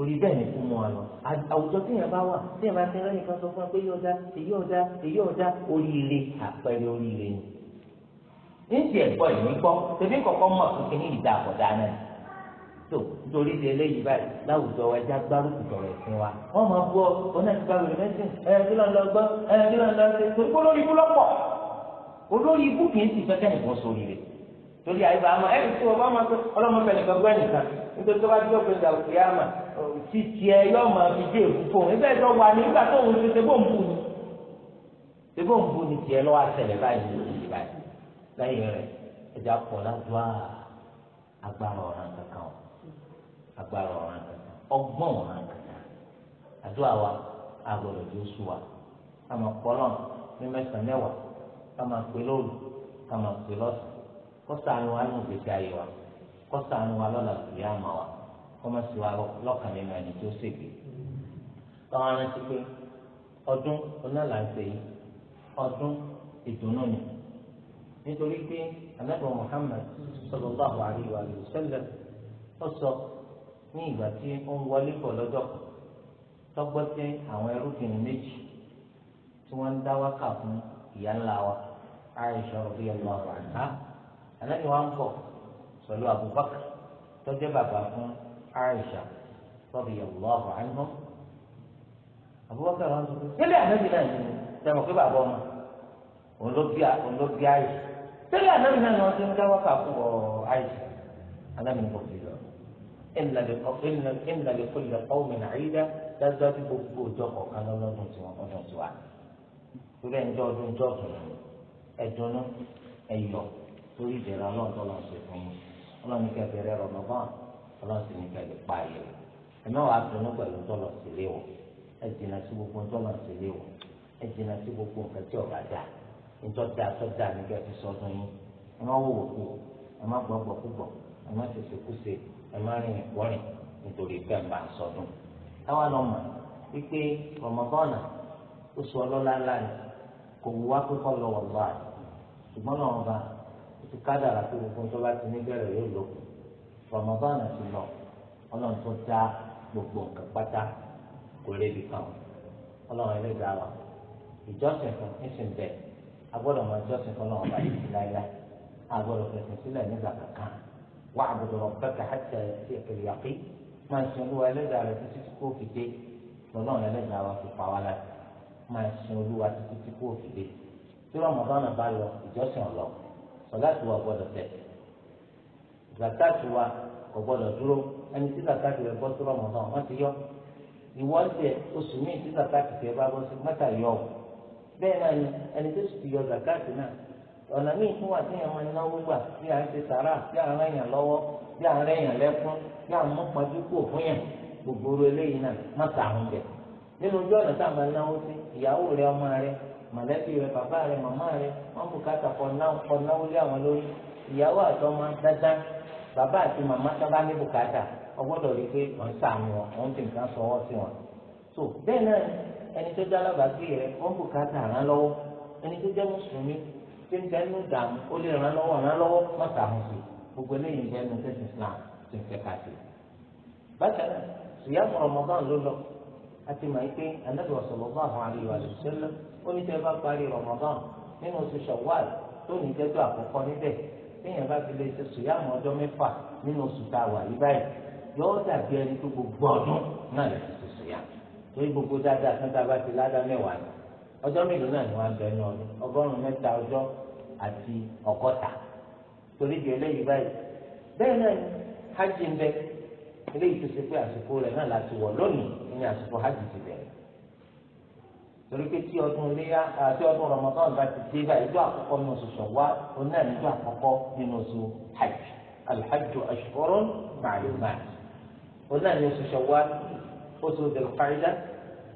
orí bẹ́ẹ̀ ni fún mu wa lọ àwùjọ téèyàn bá wà téèyàn bá ti rẹ́yìn kan sọ fún wa pé yóò dá èyí ò dá èyí ò oríire àpẹẹrẹ oríire ni níbi ẹ̀kọ́ ìní gbọ́ tẹ̀mí kọ̀kọ́ mọ̀ fún kínní ìdá àkọ́dá náà tó nítorí ti eléyìí báyìí láwùjọ wa ẹja gbárùkù tọ̀rọ̀ ẹ̀sìn wa wọ́n máa bú ọ onáìjíríà rẹ̀ mẹ́sìn ẹ̀ kí ló ń lọ gbọ́ ẹ̀ kí ló ń lọ lórí àyíká ama ẹni tí wọn bá máa tó ọlọmọfẹ nìkan gbọ ẹnìkan nítorí tó bá dúró pé ìgbà òkè àmà tí dé fún un wà ní nígbà tó ni ni lọ báyìí rẹ pọ agbára ọ̀ràn kankan agbára ọ̀ràn kankan ọgbọ́n ọ̀ràn kankan àdúrà wa tó wa ní mẹ́sàn-án mẹ́wàá pè kọ́sàánù wa nù gbèsè ayé wa kọ́sàánù wa lọ́la tòlí àmà wa kọ́mọ̀sí wa lọ́kàn nínú ẹni tó ṣègbè. káwọn arántí pé ọdún onáàlàǹtẹ̀ yìí ọdún ìdùnnú ni nítorí pé anábì Muhammad sallallahu alayhi wa sallam ó sọ ní ìgbà tí ó ń wọlé bọ̀ lọ́jọ́ kan tẹ àwọn ẹrúfin méjì tí wọ́n ń dá wákà fún ìyá ńlá wa Aisha radiyallahu anha ànábì wa ń bọ̀ pẹ̀lú Abubakar tó jẹ́ bàbá fún Aisha radiyallahu anha Abubakar wọn sọ pé sílẹ̀ ànábì náà ni sẹ́mu pé bàbá ọmọ òun ló bí Aisha sílẹ̀ ànábì náà ni wọ́n ti ń dá wákà fún ọ Aisha ànábì ní kò fi lọ ìnàlẹ̀ kò lè kọ́ mi nàá yídá dájúdájú gbogbo ọjọ́ kọ̀ọ̀kan lọ́dún tí wọ́n ọdún tí wà. Ìrẹ́ ń jọ ọdún jọ̀dún ẹ̀dùnnú ẹ̀yọ̀ lórí ìdẹ̀ra ọlọ́run tó lọ́n ṣe fún yín ọlọ́run ní kẹfẹ́rẹ́ Ramadan ọlọ́run sì ní kẹfẹ́ parí rẹ̀ ẹ̀mẹ́ wàá dùnú pẹ̀lú tó lọ́n ṣe léwọ̀ ẹ jìnnà sí gbogbo tó lọ́n ṣe léwọ̀ ẹ jìnnà sí gbogbo nǹkan tí ọ̀gá dà nítorí ọ̀dà tó dà ní kẹfẹ́ sọ́dún yín ẹ má wò wòkú ẹ má gbọ́gbọ́ púpọ̀ ẹ má ṣèṣe kúṣe ẹ má rìn ìkọrìn nítorí pé ẹ máa sọdún ti kádàrà tó gbogbo tó bá ti ní bẹ̀rẹ̀ yóò lò rọmọbọ́nà ti lọ ọlọ́run tó dá gbogbo nǹkan pátá kò lébi kan ọlọ́run ẹlẹ́dàá wa ìjọsìn kan ń sìn bẹ́ẹ̀ agbọ́dọ̀ mọ ìjọsìn kan náà wà yìí láyá agbọ́dọ̀ fẹsẹ̀ sílẹ̀ nígbà kankan wà àbùdó rabbaka hatta ya'tiyakal yaqin máa sin olúwa ẹlẹ́dàá rẹ títí tí kò fi dé lọ́lọ́run ẹlẹ́dàá wa fi pa wá láti máa sin olúwa títí tí kò fi dé tí rọmọbọ́nà bá lọ ìjọsìn ọlọ́run sọláàtì wa gbọ́dọ̀ tẹ zakati wa kò gbọ́dọ̀ dúró ẹni tí zakati rẹ bọ́ sí rọmọdán wọn ti yọ ìwọ tẹ oṣù míì tí zakati rẹ bá bọ́ sí mẹ́ta yọ bẹ́ẹ̀ náà ni ẹni tó sì ti yọ náà ọ̀nà míì fún wa tí yẹn máa náwó gbà à ń ṣe sàrà à ń lọ́wọ́ à ń lẹ́kún à ń mú fún gbogbo eléyìí náà má sàrùn bẹ̀ nínú ojú ọ̀nà tá a máa náwó sí ìyàwó rẹ ọmọ rẹ mọ̀lẹ́bí rẹ bàbá rẹ màmá rẹ wọ́n bùkátà kọ̀ọ̀náwó lé àwọn lórí ìyàwó àtọmọ dandan bàbá àti màmá tó bá ní bùkátà ọgbọ́dọ̀ rí pé wọ́n sàmù wọn wọ́n ti nǹkan sọ̀wọ́ sí wọn. tó bẹ́ẹ̀ náà ẹni tó jẹ́ alábàágbé rẹ wọ́n bùkátà rán lọ́wọ́ ẹni tó jẹ́ mùsùlùmí ń ó lè ràn lọ́wọ́ ràn lọ́wọ́ àti mọ̀ pé Ànábì sallallahu alaihi wa sallam ó ní tẹ́ bá parí Ramadan nínú oṣù Shawwal tó ní jẹ́jọ́ àkọ́kọ́ níbẹ̀ téèyàn bá ti lè ṣe sùyàmù ọjọ́ mẹ́fà nínú oṣù tá a wà yí báyìí yóò dàbí ẹni tó gbogbo ọdún náà lè ṣe sùyàmù torí gbogbo dáadáa fún tá a bá ti ládàá mẹ́wàá ni ọjọ́ mélòó náà ni wọ́n á bẹ̀ ní ọdún ọgọ́rùn-ún mẹ́ta ọjọ́ àti ọgọ́ta torí di eléyìí báyìí bẹ́ẹ̀ náà ni hajj ń bẹ́ẹ̀ eléyìí tó ṣe pé àsìkò rẹ̀ náà láti wọ̀ lónìí ní àsìkò hajj ti bẹ̀rẹ̀ torí pé tí ọdún iléyà àti ọdún rọmọdán bá ti dé báyìí ìjọ àkọ́kọ́ ní oṣù ṣọ̀wá oní àná ìjọ àkọ́kọ́ nínú oṣù hajj alhajj ashhurun ma'lumat oní àná oṣù ṣọ̀wá oṣù dẹ̀lfàìdá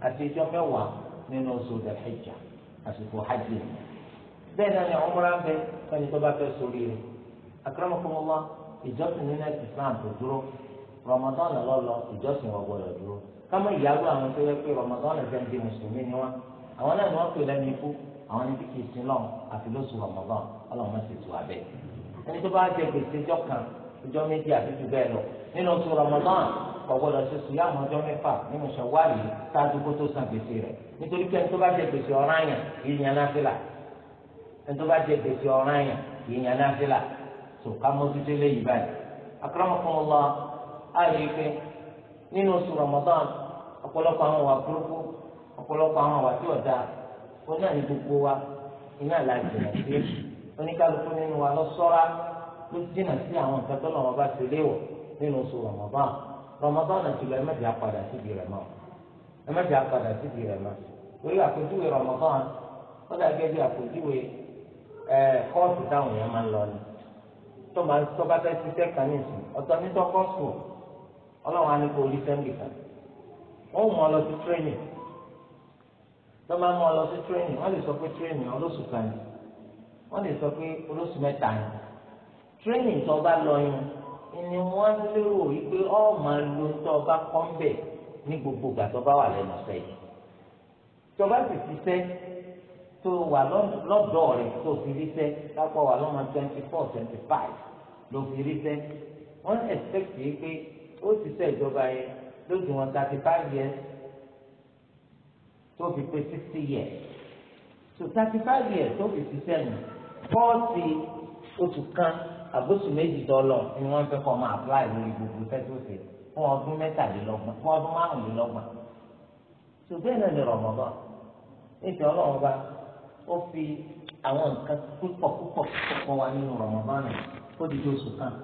àti ìjọ mẹ́wàá nínú oṣù dẹ̀lhijja àsìkò hajj bẹ́ẹ̀ náà ni ọmọra ń bẹ tó bá fẹ́ sórí rẹ̀ akramakumullah ìjọ rọmọdán lọlọ ìjọsìn wọn gbọ́dọ̀ dúró kámọ ìyàwó àwọn tó yẹ pé rọmọdán ẹgbẹ ń di mùsùlùmí ni wọn àwọn náà ni wọn pè lẹ́nu ikú àwọn níbi kì í sin lọ àfi lóṣù rọmọdán Ọlọ́run sì tù abẹ ẹni tó bá jẹ gbèsè jọ kan ìjọ méjì àti jù bẹ́ẹ̀ lọ nínú oṣù rọmọdán kò gbọ́dọ̀ ṣe sùn yá àwọn ọjọ́ mẹ́fà nínú ṣàwárí ṣáájú kó tó san gbèsè rẹ̀ nítorí pé ẹni tó bá jẹ gbèsè ọ̀ràn àyàn kì í yan náfìlà ẹni tó bá jẹ gbèsè ọ̀ràn àyàn kì í yan náfìlà tó á rí i pé nínú oṣù Ramadan ọ̀pọ̀lọpọ̀ àwọn wà burúkú ọ̀pọ̀lọpọ̀ àwọn wà tí ọ̀dà ó náà ní gbogbo wa iná làjẹ̀ sí oníkálukú nínú wa lọ ló dínà sí àwọn nǹkan tó lọ́wọ́ bá ti léwọ̀ nínú oṣù Ramadan Ramadan àti lọ ẹ̀mẹ́jì síbi rẹ̀ mọ́ ẹ̀mẹ́jì apàdà síbi rẹ̀ mọ́ orí lọ tó bá kan ní ìsìn ọlọ́run á ní kó orí sẹ́ńdì kan wọ́n mú ọ lọ sí tírénìn tó máa mú ọ lọ sí tírénìn wọ́n lè sọ pé tírénìn olóṣù kan ni wọ́n lè sọ pé olóṣù mẹ́ta ni tírénìn tó bá lọ yẹn ni wọ́n lérò wípé ọ máa lo tó bá kọ́ ń bẹ̀ ní gbogbo ìgbà tó bá wà lẹ́nu sẹ́yìn tó bá sì ti sẹ́ tó wà lọ́dọ̀ rẹ̀ tó fi rí sẹ́ lápò wà lọ́mọ twenty four twenty five ló fi rí sẹ́ wọ́n expect yìí pé ó sì ṣe ìjọba yẹn lójú wọn thirty five years tó fi pé sixty years so thirty five years tó fi ṣiṣẹ́ nù fọ́ọ̀tì oṣù kan àgbóṣù méjì dọ́lọ̀ ni wọ́n fẹ́ kọ́ máa apply lórí gbogbo sẹ́tọ̀ọ̀sẹ̀ fún ọdún mẹ́tàlélọ́gbọ̀n fún ọdún márùnlélọ́gbọ̀n tó bẹ́ẹ̀ náà lè Ramadan níta ọlọ́run bá ó fi àwọn nǹkan púpọ̀ púpọ̀ púpọ̀ wá nínú Ramadan náà ó di oṣù kan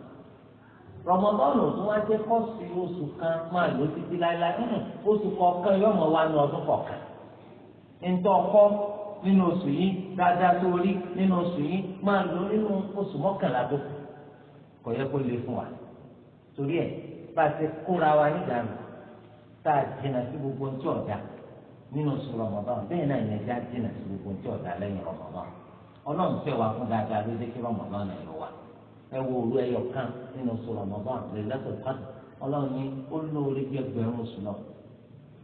rọmọbọ́ọ̀nù tó wá jẹ́ kọ́ọ̀sì oṣù kan máa lò títí láéláé oṣù kọ̀ọ̀kan yóò mọ̀ wá ní ọdún kọ̀ọ̀kan ntọ́ kọ́ nínú oṣù yìí dáadáa tó rí nínú oṣù yìí máa lò nínú oṣù mọ́kànlá tó kù kò yẹ kó lè fún wa torí ẹ̀ bá a ti kóra wa nígbàánu tá a jìnnà sí gbogbo ntí ọ̀dà nínú oṣù rọmọbọ́ọ̀nù bẹ́ẹ̀ náà yẹn já jìnnà sí gbogbo ntí ọ̀dà lẹ́yìn rọmọbọ́ọ̀nù ọlọ́run fẹ́ wa fún dáadáa ló dé kí rọmọbọ́ọ̀nù ẹ̀ lọ ẹ wo òru ẹyọ kan nínú oṣù Ramadan lè lẹ́tọ̀ kádì ọlọ́run ní ó lóore bí ẹgbẹ̀rún oṣù náà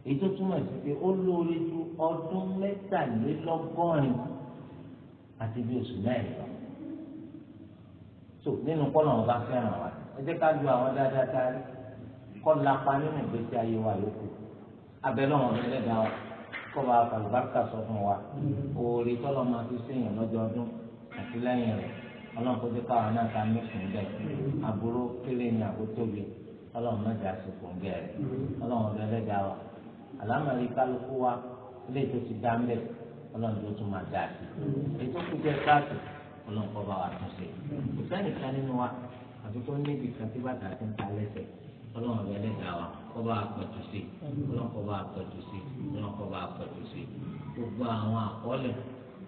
èyí tó túmọ̀ sí pé ó lóore ju ọdún mẹ́tàlélọ́gọ́rin àti bí oṣù mẹ́rin lọ tó nínú kọ́nà wọn fẹ́ràn wa ẹ jẹ́ ká ju àwọn dáadáa tá a rí kọ́ lápá nínú ìgbésí ayé wa yòókù abẹ́lẹ́ wọn fẹ́lẹ́ dá wa kọ́ bá àlùbáríkà sọ fún wa oore tọ́lọ́ máa fi séèyàn lọ́jọ́ ọdún àti lẹ́yìn rẹ̀ ọlọ́run kó jẹ́ káwọn náà ká ní sùn bẹ́ẹ̀ aburú kéré ní àkótóbi ọlọ́run má jà sí fún bẹ́ẹ̀ ọlọ́run ọbẹ̀ ẹlẹ́dàá wa àlámọ̀rí kálukú wa ilé tó ti dá mbẹ́ ọlọ́run tó tún máa dà sí èyí tó kú jẹ́ káàtó ọlọ́run kọ́ bá wa tún ṣe kò sẹ́nìkan nínú wa àti kó níbi kan tí bàtà ti ń ta lẹ́sẹ̀ ọlọ́run ọbẹ̀ ẹlẹ́dàá wa kọ́ bá wa pẹ̀tù sí ọlọ́run kọ́ bá sí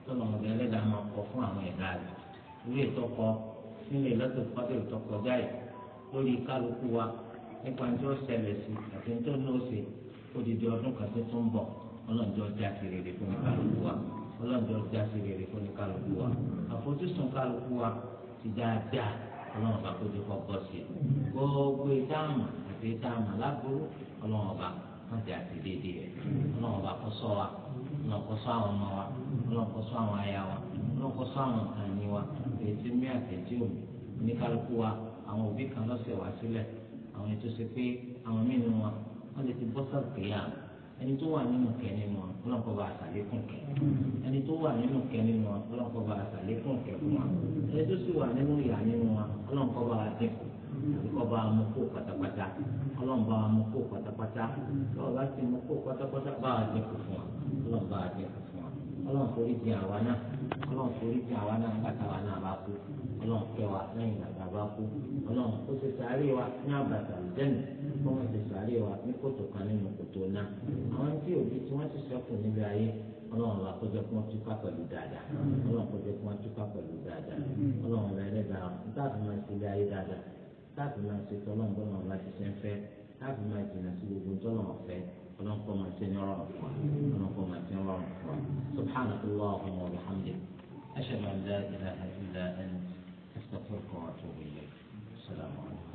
ọlọ́run kọ́ ìwé ìtọ́kọ nínú ìlọ́tò pátẹ́ ìtọ́kọ jáì lórí kálukú wa nípa tí ó ṣẹlẹ̀ sí àti tó ní òsè odidi ọdún kan tó tún bọ̀ ọlọ́njọ́ já sí rere fún kálukú wa ọlọ́njọ́ já sí rere fún kálukú wa àfojúsùn kálukú wa ti dáadáa ọlọ́run bá kójú kọ́ bọ́ sí i gbogbo ìdáàmú àti ìdáàmú aláboró ọlọ́run bá wọ́n ti àti déédéé rẹ̀ ọlọ́run bá kọ́ sọ́ wa ọlọ́run kọ́ sọ́ àwọn ọmọ wa ọlọ́run kọ́ sọ́ àwọn aya wa ọlọ́run kọ́ sọ́ àwọn nǹkan wa ètí mí àtẹ̀tí òmí oníkálukú wa àwọn òbí kan lọ́sẹ̀ wá sílẹ̀ àwọn ètò ṣe pé àwọn míì nínú wa wọ́n lè ti bọ́ sàgbéyà ẹni tó wà nínú kẹ́ nínú wa ọlọ́pàá bá àṣàlékún kẹ́ ẹni tó wà nínú kẹ́ nínú wa ọlọ́pàá bá àṣàlékún kẹ́ fún wa ẹni tó sì wà nínú ìyà nínú wa ọlọ́pàá bá àdínkù ọba amukó pátápátá ọlọ́mọba amukó pátápátá lọ́ọ̀bá ti mukó pátápátá bá àdínkù fún wa ọlọ́mọba àdínkù fún wa ọlọ́mọ ọlọ́run forí jì àwa náà nígbà táwa náà bá kú ọlọ́run kẹ́ wa lẹ́yìn ìgbà bá kú ọlọ́run ó ṣe sàárè wa ní àbàtà ìjẹ́nu ó wọ́n ṣe sàárè wa ní kòtò kan nínú kòtò náà àwọn tí òbí tí wọ́n ti sọ́kù níbi ayé ọlọ́run wa kọjá kí wọ́n túká pẹ̀lú dáadáa ọlọ́run kọjá kí wọ́n túká pẹ̀lú dáadáa ọlọ́run ọba ẹlẹ́dàá táàbù máa ṣe ilé ayé dáadáa táàbù máa ṣe tọ́lọ́run bọ́lọ́run ọba ti ṣe jìnnà sí gbogbo tọ́lọ́run ọ̀fẹ́ ọlọ́run máa ṣe ní ọ̀rọ̀ ọ̀fọ̀ ọlọ́run máa ṣe ní ọ̀rọ̀ ọ̀fọ̀ subhanahu wa rahmatulahi. أشهد أن لا إله إلا أنت أستغفرك وأتوب إليك السلام عليكم